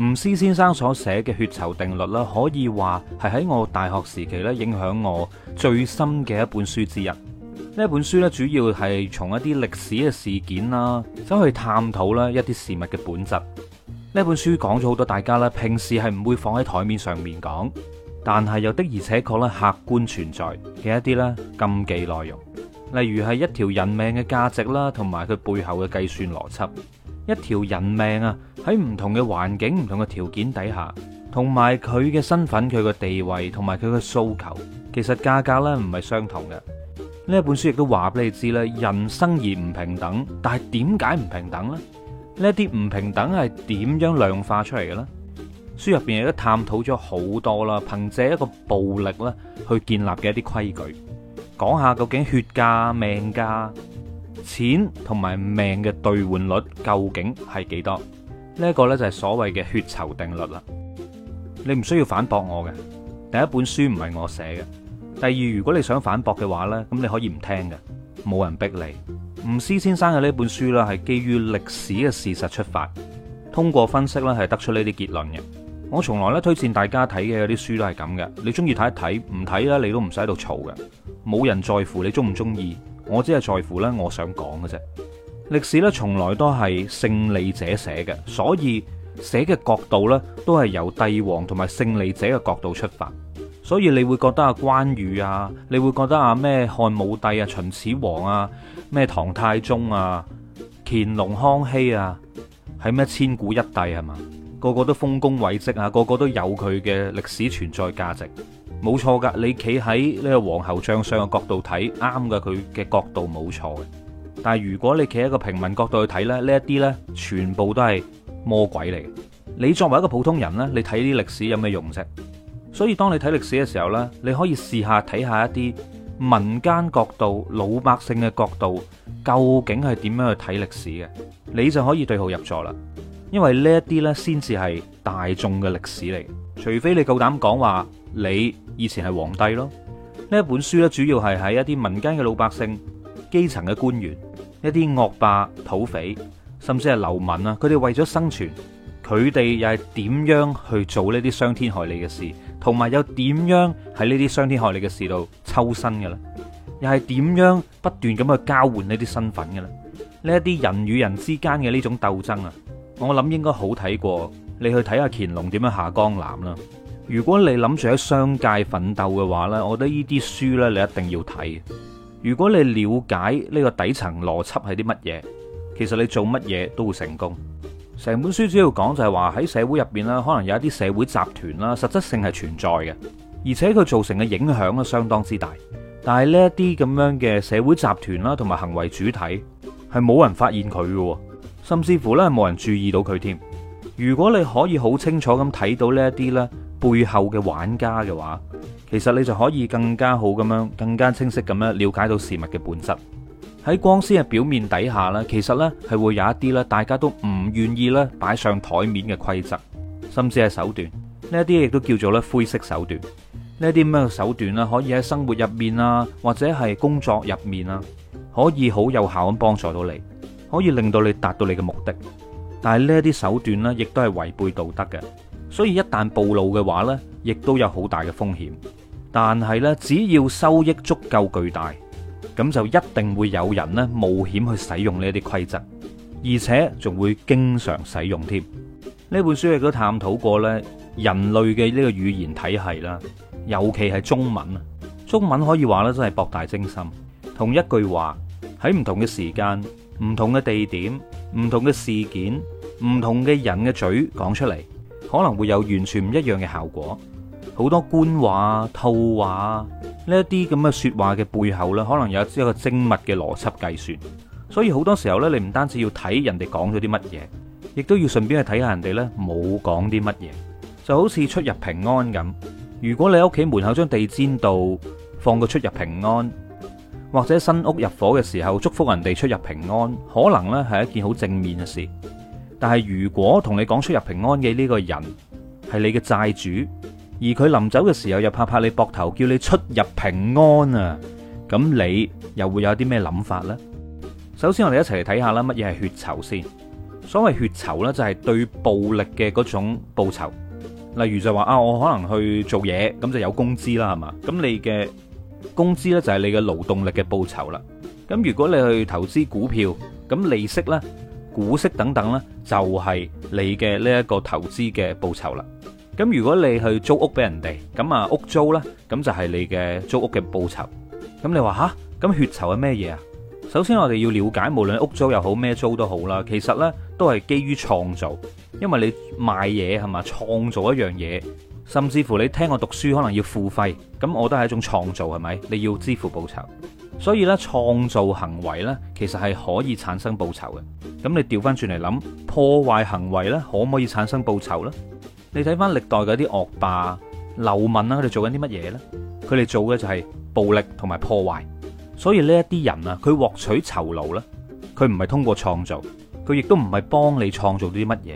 吳思先生所寫嘅《血酬定律》啦，可以話係喺我大學時期咧影響我最深嘅一本書之一。呢本書咧，主要係從一啲歷史嘅事件啦，走去探討啦一啲事物嘅本質。呢本書講咗好多大家咧平時係唔會放喺台面上面講，但係又的而且確咧客觀存在嘅一啲咧禁忌內容，例如係一條人命嘅價值啦，同埋佢背後嘅計算邏輯。一條人命啊，喺唔同嘅環境、唔同嘅條件底下，同埋佢嘅身份、佢嘅地位同埋佢嘅訴求，其實價格呢唔係相同嘅。呢本書亦都話俾你知咧，人生而唔平等，但係點解唔平等呢？呢啲唔平等係點樣量化出嚟嘅咧？書入邊亦都探討咗好多啦，憑借一個暴力咧去建立嘅一啲規矩，講下究竟血價命價錢同埋命嘅兌換率究竟係幾多？呢一個呢就係所謂嘅血酬定律啦。你唔需要反駁我嘅。第一本書唔係我寫嘅。第二，如果你想反駁嘅話呢，咁你可以唔聽嘅，冇人逼你。吳思先生嘅呢本書呢，係基於歷史嘅事實出發，通過分析呢，係得出呢啲結論嘅。我從來呢推薦大家睇嘅嗰啲書都係咁嘅。你中意睇一睇，唔睇啦你都唔使喺度嘈嘅，冇人在乎你中唔中意。我只係在乎咧，我想講嘅啫。歷史咧從來都係勝利者寫嘅，所以寫嘅角度咧都係由帝王同埋勝利者嘅角度出發。所以你會覺得啊關羽啊，你會覺得啊咩漢武帝啊、秦始皇啊、咩唐太宗啊、乾隆康熙啊，係咩千古一帝係嘛？個個都豐功偉績啊，個個都有佢嘅歷史存在價值。冇錯噶你企喺呢個皇侯將相嘅角度睇，啱噶佢嘅角度冇錯嘅。但係如果你企喺個平民角度去睇咧，呢一啲呢全部都係魔鬼嚟嘅。你作為一個普通人呢，你睇啲歷史有咩用啫？所以當你睇歷史嘅時候呢，你可以試下睇下一啲民間角度、老百姓嘅角度，究竟係點樣去睇歷史嘅？你就可以對號入座啦。因為呢一啲呢先至係大眾嘅歷史嚟。除非你夠膽講話。你以前係皇帝咯？呢一本書咧，主要係喺一啲民間嘅老百姓、基層嘅官員、一啲惡霸、土匪，甚至係流民啦。佢哋為咗生存，佢哋又係點樣去做呢啲傷天害理嘅事，同埋又點樣喺呢啲傷天害理嘅事度抽身嘅咧？又係點樣不斷咁去交換呢啲身份嘅咧？呢一啲人與人之間嘅呢種鬥爭啊，我諗應該好睇過你去睇下乾隆點樣下江南啦。如果你諗住喺商界奮鬥嘅話呢，我覺得呢啲書呢，你一定要睇。如果你了解呢個底層邏輯係啲乜嘢，其實你做乜嘢都會成功。成本書主要講就係話，喺社會入邊咧，可能有一啲社會集團啦，實質性係存在嘅，而且佢造成嘅影響啊相當之大。但係呢一啲咁樣嘅社會集團啦，同埋行為主體係冇人發現佢嘅，甚至乎呢，冇人注意到佢添。如果你可以好清楚咁睇到呢一啲呢。背後嘅玩家嘅話，其實你就可以更加好咁樣，更加清晰咁樣了解到事物嘅本質。喺光鮮嘅表面底下呢，其實呢係會有一啲咧大家都唔願意咧擺上台面嘅規則，甚至係手段。呢一啲亦都叫做咧灰色手段。呢一啲咩嘅手段咧，可以喺生活入面啊，或者係工作入面啊，可以好有效咁幫助到你，可以令到你達到你嘅目的。但係呢啲手段呢，亦都係違背道德嘅。所以一旦暴露嘅話呢，亦都有好大嘅風險。但係呢，只要收益足夠巨大，咁就一定會有人呢冒險去使用呢啲規則，而且仲會經常使用添。呢本書亦都探討過呢人類嘅呢個語言體系啦，尤其係中文啊。中文可以話呢真係博大精深。同一句話喺唔同嘅時間、唔同嘅地點、唔同嘅事件、唔同嘅人嘅嘴講出嚟，可能會有完全唔一樣嘅效果，好多官話、套話呢，一啲咁嘅説話嘅背後呢，可能有一個精密嘅邏輯計算。所以好多時候呢，你唔單止要睇人哋講咗啲乜嘢，亦都要順便去睇下人哋呢，冇講啲乜嘢。就好似出入平安咁，如果你喺屋企門口將地氈度放個出入平安，或者新屋入伙嘅時候祝福人哋出入平安，可能呢係一件好正面嘅事。但係如果同你講出入平安嘅，呢個人係你嘅債主，而佢臨走嘅時候又拍拍你膊頭叫你出入平安啊，咁你又會有啲咩諗法呢？首先我哋一齊嚟睇下啦，乜嘢係血酬先？所謂血酬呢，就係對暴力嘅嗰種報酬，例如就話啊，我可能去做嘢咁就有工資啦，係咪？咁你嘅工資呢，就係你嘅勞動力嘅報酬啦。咁如果你去投資股票，咁利息呢？股息等等呢，就係你嘅呢一個投資嘅報酬啦。咁如果你去租屋俾人哋，咁啊，屋租咧，咁就係你嘅租屋嘅報酬。咁你話吓，咁血酬係咩嘢啊？首先我哋要了解，無論屋租又好咩租都好啦，其實呢都係基於創造，因為你賣嘢係嘛，創造一樣嘢，甚至乎你聽我讀書可能要付費，咁我都係一種創造係咪？你要支付報酬。所以咧，創造行為咧，其實係可以產生報酬嘅。咁你調翻轉嚟諗，破壞行為咧，可唔可以產生報酬呢？你睇翻歷代嗰啲惡霸、流民啦，啊，佢哋做緊啲乜嘢呢？佢哋做嘅就係暴力同埋破壞。所以呢一啲人啊，佢獲取酬勞咧，佢唔係通過創造，佢亦都唔係幫你創造啲乜嘢，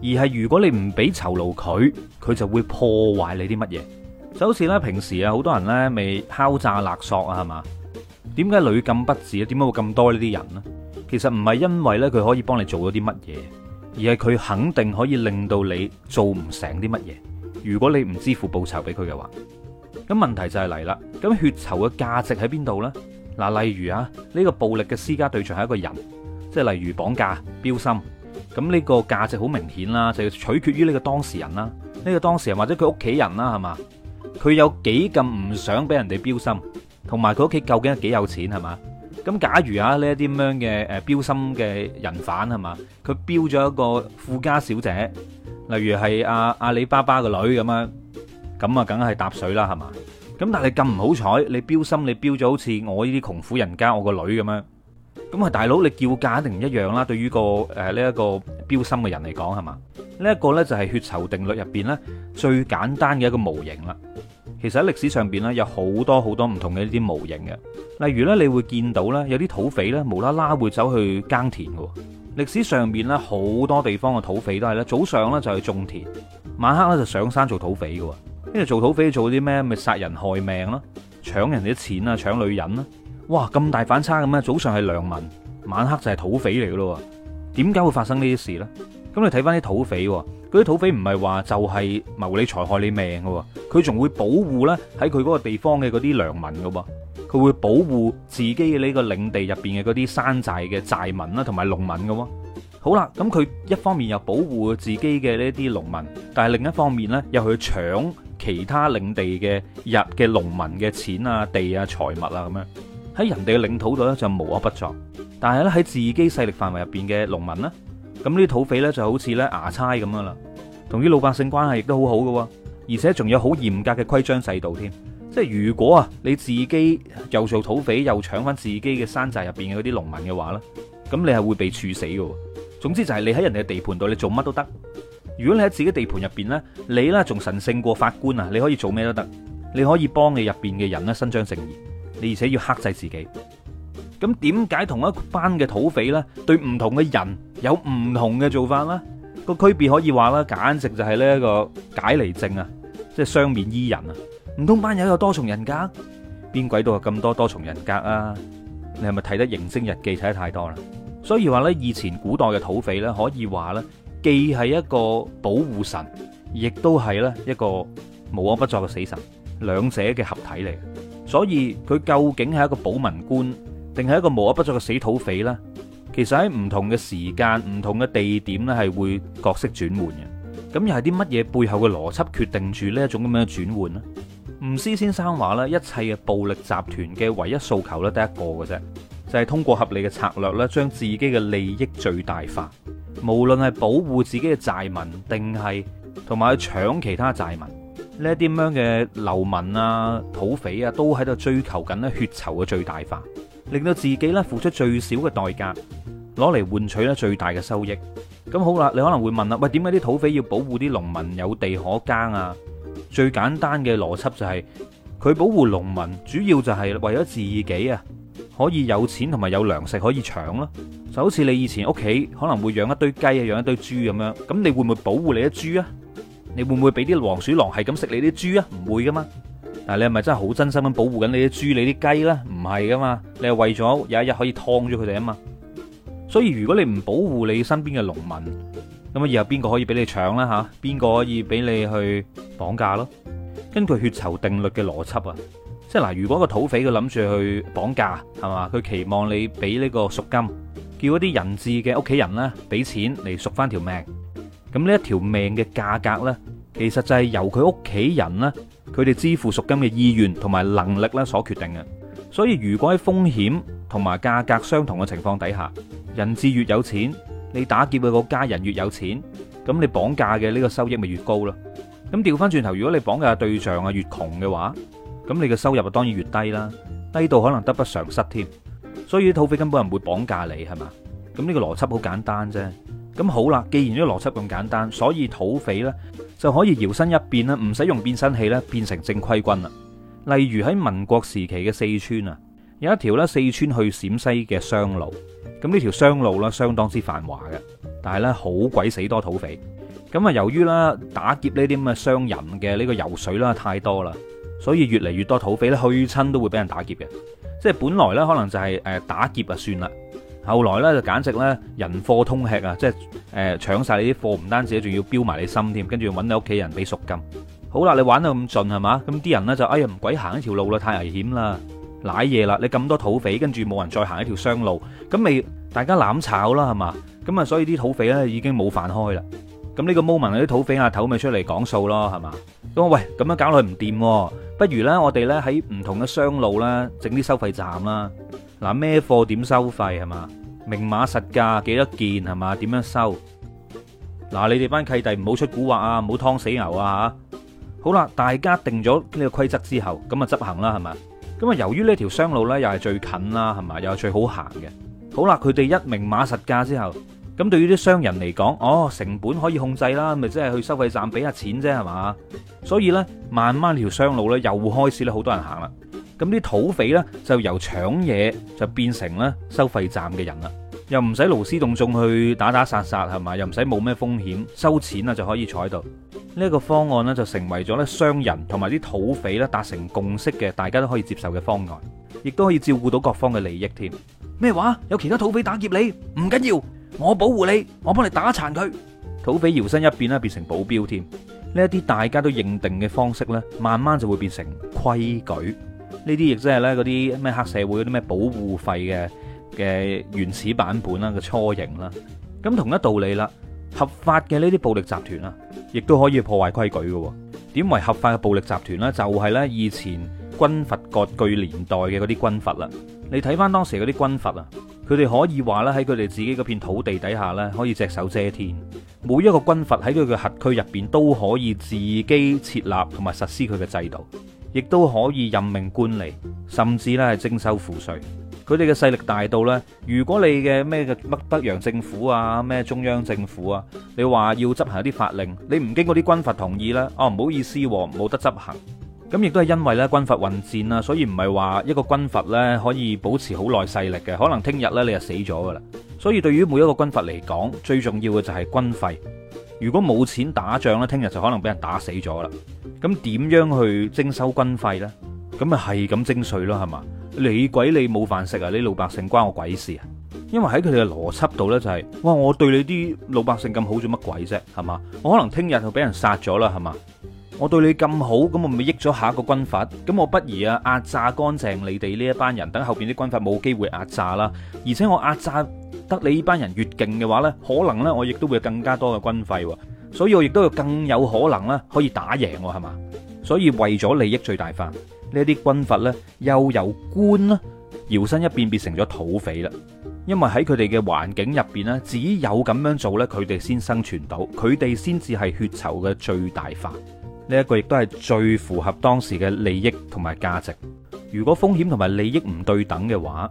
而係如果你唔俾酬勞佢，佢就會破壞你啲乜嘢。就好似咧，平時啊，好多人咧未敲詐勒索啊，係嘛？點解屢禁不止咧？點解會咁多呢啲人咧？其實唔係因為咧佢可以幫你做咗啲乜嘢，而係佢肯定可以令到你做唔成啲乜嘢。如果你唔支付報酬俾佢嘅話，咁問題就係嚟啦。咁血酬嘅價值喺邊度呢？嗱，例如啊，呢、呢個暴力嘅私家對象係一個人，即係例如綁架、標心，咁、呢、呢個價值好明顯啦，就要取決於呢個當事人啦，呢、呢個當事人或者佢屋企人啦，係嘛？佢有幾咁唔想俾人哋標心？同埋佢屋企究竟係幾有錢，係嘛？咁假如啊呢一啲咁樣嘅誒標心嘅人犯係嘛，佢標咗一個富家小姐，例如係阿阿里巴巴個女咁樣，咁啊梗係搭水啦係嘛？咁但係咁唔好彩，你標心你標咗好似我呢啲窮苦人家我個女咁樣，咁啊大佬你叫價一定唔一樣啦？對於個誒呢一個標心嘅人嚟講係嘛？呢一個咧、這個、就係血酬定律入邊咧最簡單嘅一個模型啦。其實喺歷史上邊咧有好多好多唔同嘅呢啲模型嘅，例如咧你會見到咧有啲土匪咧無啦啦會走去耕田嘅，歷史上面咧好多地方嘅土匪都係咧早上咧就去種田，晚黑咧就上山做土匪嘅，因為做土匪做啲咩？咪、就是、殺人害命啦，搶人啲錢啊，搶女人啦，哇咁大反差咁啊！早上係良民，晚黑就係土匪嚟嘅咯，點解會發生呢啲事呢？咁你睇翻啲土匪喎，嗰啲土匪唔係話就係謀你財害你命噶，佢仲會保護咧喺佢嗰個地方嘅嗰啲良民噶，佢會保護自己嘅呢個領地入邊嘅嗰啲山寨嘅寨民啦，同埋農民噶。好啦，咁佢一方面又保護自己嘅呢啲農民，但係另一方面呢，又去搶其他領地嘅入嘅農民嘅錢啊、地啊、財物啊咁樣，喺人哋嘅領土度呢，就無惡不作，但係咧喺自己勢力範圍入邊嘅農民呢。咁呢啲土匪呢，就好似呢牙差咁樣啦，同啲老百姓關係亦都好好噶，而且仲有好嚴格嘅規章制度添。即係如果啊你自己又做土匪又搶翻自己嘅山寨入邊嘅嗰啲農民嘅話呢，咁你係會被處死噶。總之就係你喺人哋嘅地盤度你做乜都得。如果你喺自己地盤入邊呢，你呢仲神聖過法官啊，你可以做咩都得，你可以幫你入邊嘅人呢伸張正義，你而且要克制自己。咁點解同一班嘅土匪咧，對唔同嘅人有唔同嘅做法咧？個區別可以話啦，簡直就係呢一個解離症啊，即係雙面伊人啊。唔通班友有多重人格？邊鬼度有咁多多重人格啊？你係咪睇得《明星日記》睇得太多啦？所以話咧，以前古代嘅土匪咧，可以話咧，既係一個保護神，亦都係咧一個無惡不作嘅死神，兩者嘅合體嚟。所以佢究竟係一個保民官？定係一個無惡不作嘅死土匪呢？其實喺唔同嘅時間、唔同嘅地點呢，係會角色轉換嘅。咁又係啲乜嘢背後嘅邏輯決定住呢一種咁樣嘅轉換呢？吳思先生話呢，一切嘅暴力集團嘅唯一訴求呢，得一個嘅啫，就係、是、通過合理嘅策略呢，將自己嘅利益最大化。無論係保護自己嘅債民，定係同埋去搶其他債民，呢啲咁樣嘅流民啊、土匪啊，都喺度追求緊咧血酬嘅最大化。令到自己咧付出最少嘅代價，攞嚟換取咧最大嘅收益。咁好啦，你可能會問啦，喂，點解啲土匪要保護啲農民有地可耕啊？最簡單嘅邏輯就係佢保護農民，主要就係為咗自己啊可以有錢同埋有糧食可以搶咯。就好似你以前屋企可能會養一堆雞啊、養一堆豬咁樣，咁你會唔會保護你啲豬啊？你會唔會俾啲黃鼠狼係咁食你啲豬啊？唔會噶嘛？嗱，你係咪真係好真心咁保護緊你啲豬、你啲雞咧？唔係噶嘛，你係為咗有一日可以劏咗佢哋啊嘛。所以如果你唔保護你身邊嘅農民，咁啊以後邊個可以俾你搶啦吓？邊個可以俾你去綁架咯？根據血酬定律嘅邏輯啊，即係嗱，如果個土匪佢諗住去綁架，係嘛？佢期望你俾呢個贖金，叫一啲人質嘅屋企人呢俾錢嚟贖翻條命。咁呢一條命嘅價格呢，其實就係由佢屋企人咧。佢哋支付贖金嘅意願同埋能力咧，所決定嘅，所以如果喺風險同埋價格相同嘅情況底下，人質越有錢，你打劫佢個家人越有錢，咁你綁架嘅呢個收益咪越高咯？咁調返轉頭，如果你綁架對象啊越窮嘅話，咁你嘅收入啊當然越低啦，低到可能得不償失添。所以土匪根本唔會綁架你，係嘛？咁呢個邏輯好簡單啫。咁好啦，既然呢個邏輯咁簡單，所以土匪呢就可以搖身一變啦，唔使用，用變身器咧變成正規軍啦。例如喺民國時期嘅四川啊，有一條咧四川去陝西嘅商路，咁呢條商路咧相當之繁華嘅，但係咧好鬼死多土匪。咁啊，由於咧打劫呢啲咁嘅商人嘅呢個油水啦太多啦，所以越嚟越多土匪咧去親都會俾人打劫嘅，即係本來呢可能就係、是、誒、呃、打劫就算啦。後來咧就簡直咧人貨通吃啊！即係誒搶曬你啲貨，唔單止仲要標埋你心添，跟住揾你屋企人俾贖金。好啦，你玩到咁盡係嘛？咁啲人咧就哎呀，唔鬼行一條路啦，太危險啦，瀨嘢啦！你咁多土匪，跟住冇人再行一條商路，咁咪大家攬炒啦係嘛？咁啊，所以啲土匪咧已經冇飯開啦。咁呢個 moment 啲土匪阿頭咪出嚟講數咯係嘛？咁啊喂，咁樣搞落去唔掂，不如咧我哋咧喺唔同嘅商路咧整啲收費站啦。嗱咩貨點收費係嘛？明碼實價幾多件係嘛？點樣收？嗱、啊、你哋班契弟唔好出蠱惑啊，唔好劏死牛啊吓、啊！好啦，大家定咗呢個規則之後，咁啊執行啦係嘛？咁啊由於呢條商路呢，又係最近啦係嘛，又係最好行嘅。好啦，佢哋一明碼實價之後，咁對於啲商人嚟講，哦成本可以控制啦，咪即係去收費站俾下錢啫係嘛？所以呢，慢慢條商路呢，又開始咧好多人行啦。咁啲土匪呢，就由搶嘢就變成咧收費站嘅人啦，又唔使勞師動眾去打打殺殺係嘛？又唔使冇咩風險收錢啦，就可以坐喺度。呢一個方案呢，就成為咗咧商人同埋啲土匪咧達成共識嘅，大家都可以接受嘅方案，亦都可以照顧到各方嘅利益添。咩話？有其他土匪打劫你唔緊要，我保護你，我幫你打殘佢。土匪搖身一變咧變成保鏢添。呢一啲大家都認定嘅方式呢，慢慢就會變成規矩。呢啲亦即係咧嗰啲咩黑社會嗰啲咩保護費嘅嘅原始版本啦，嘅雛形啦。咁同一道理啦，合法嘅呢啲暴力集團啊，亦都可以破壞規矩嘅。點為合法嘅暴力集團呢？就係呢以前軍閥割據年代嘅嗰啲軍閥啦。你睇翻當時嗰啲軍閥啊，佢哋可以話咧喺佢哋自己嗰片土地底下呢，可以隻手遮天。每一個軍閥喺佢嘅轄區入邊都可以自己設立同埋實施佢嘅制度。亦都可以任命官吏，甚至咧，係徵收賦稅。佢哋嘅勢力大到呢，如果你嘅咩嘅乜北洋政府啊，咩中央政府啊，你話要執行一啲法令，你唔經過啲軍閥同意呢，哦，唔好意思啊，冇得執行。咁亦都係因為呢軍閥混戰啊，所以唔係話一個軍閥呢可以保持好耐勢力嘅，可能聽日呢你就死咗噶啦。所以對於每一個軍閥嚟講，最重要嘅就係軍費。如果冇錢打仗咧，聽日就可能俾人打死咗啦。咁點樣去徵收軍費咧？咁咪係咁徵稅咯，係嘛？你鬼你冇飯食啊！你老百姓關我鬼事啊？因為喺佢哋嘅邏輯度咧，就係哇！我對你啲老百姓咁好做乜鬼啫？係嘛？我可能聽日就俾人殺咗啦，係嘛？我對你咁好，咁我咪益咗下一個軍閥，咁我不如啊壓榨乾淨你哋呢一班人，等後邊啲軍閥冇機會壓榨啦。而且我壓榨。得你呢班人越勁嘅話呢可能呢，我亦都會有更加多嘅軍費，所以我亦都有更有可能呢可以打贏，我，係嘛？所以為咗利益最大化，呢一啲軍閥呢，又由官咧搖身一變，變成咗土匪啦。因為喺佢哋嘅環境入邊呢，只有咁樣做呢，佢哋先生存到，佢哋先至係血酬嘅最大化。呢一個亦都係最符合當時嘅利益同埋價值。如果風險同埋利益唔對等嘅話，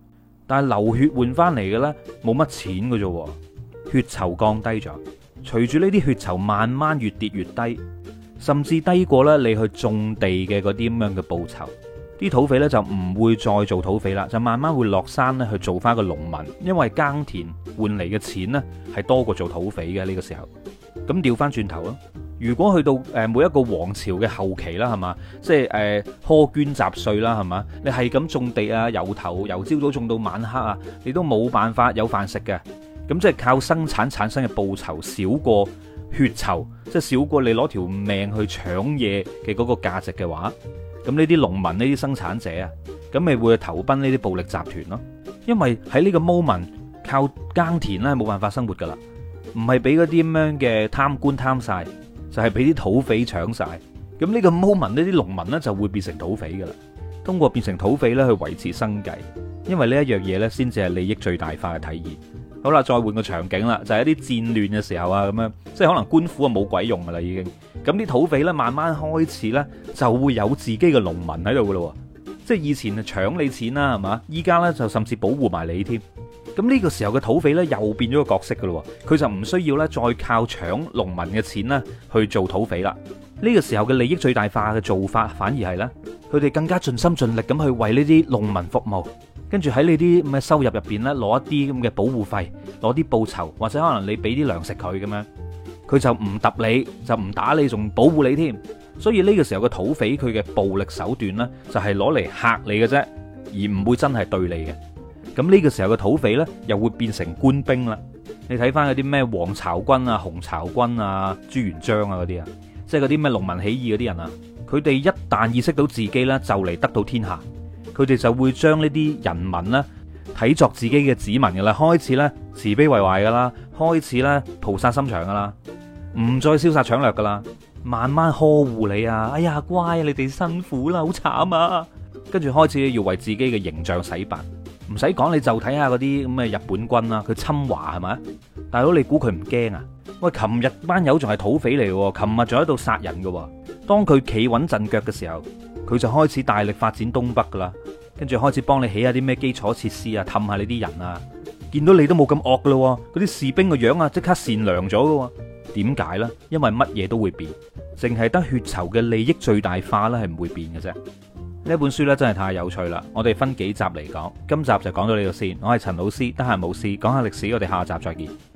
但係流血換翻嚟嘅呢，冇乜錢嘅啫，血酬降低咗。隨住呢啲血酬慢慢越跌越低，甚至低過呢你去種地嘅嗰啲咁樣嘅報酬，啲土匪呢就唔會再做土匪啦，就慢慢會落山咧去做翻個農民，因為耕田換嚟嘅錢呢係多過做土匪嘅呢個時候。咁調翻轉頭咯，如果去到誒每一個皇朝嘅後期啦，係嘛？即係誒苛捐雜稅啦，係嘛？你係咁種地啊，有頭由朝早種到晚黑啊，你都冇辦法有飯食嘅。咁即係靠生產產生嘅報酬少過血酬，即係少過你攞條命去搶嘢嘅嗰個價值嘅話，咁呢啲農民呢啲生產者啊，咁咪會去投奔呢啲暴力集團咯？因為喺呢個 moment 靠耕田咧冇辦法生活噶啦。唔係俾嗰啲咁樣嘅貪官貪晒，就係俾啲土匪搶晒。咁呢個 moment 呢啲農民咧就會變成土匪噶啦，通過變成土匪咧去維持生計，因為呢一樣嘢咧，先至係利益最大化嘅體現。好啦，再換個場景啦，就係、是、一啲戰亂嘅時候啊，咁樣即係可能官府啊冇鬼用噶啦已經。咁啲土匪咧慢慢開始咧就會有自己嘅農民喺度噶啦，即係以前搶你錢啦係嘛，依家呢，就甚至保護埋你添。咁呢個時候嘅土匪咧，又變咗個角色噶咯，佢就唔需要咧再靠搶農民嘅錢啦去做土匪啦。呢個時候嘅利益最大化嘅做法，反而係咧，佢哋更加盡心盡力咁去為呢啲農民服務，跟住喺呢啲咁嘅收入入邊咧，攞一啲咁嘅保護費，攞啲報酬，或者可能你俾啲糧食佢咁樣，佢就唔揼你，就唔打你，仲保護你添。所以呢個時候嘅土匪，佢嘅暴力手段咧，就係攞嚟嚇你嘅啫，而唔會真係對你嘅。咁呢個時候嘅土匪呢，又會變成官兵啦。你睇翻嗰啲咩黃巢軍啊、紅巢軍啊、朱元璋啊嗰啲啊，即係嗰啲咩農民起義嗰啲人啊，佢哋一旦意識到自己呢，就嚟得到天下，佢哋就會將呢啲人民呢，睇作自己嘅子民噶啦，開始呢，慈悲為懷噶啦，開始呢，菩薩心腸噶啦，唔再燒殺搶掠噶啦，慢慢呵護你啊，哎呀乖，你哋辛苦啦，好慘啊，跟住開始要為自己嘅形象洗白。唔使講，你就睇下嗰啲咁嘅日本軍啊，佢侵華係咪？大佬你估佢唔驚啊？喂，琴日班友仲係土匪嚟嘅，琴日仲喺度殺人嘅。當佢企穩陣腳嘅時候，佢就開始大力發展東北噶啦，跟住開始幫你起下啲咩基礎設施啊，氹下你啲人啊。見到你都冇咁惡噶啦，嗰啲士兵個樣啊，即刻善良咗嘅。點解呢？因為乜嘢都會變，淨係得血酬嘅利益最大化咧，係唔會變嘅啫。呢本書咧真係太有趣啦！我哋分幾集嚟講，今集就講到呢度先。我係陳老師，得閒冇事講下歷史，我哋下集再見。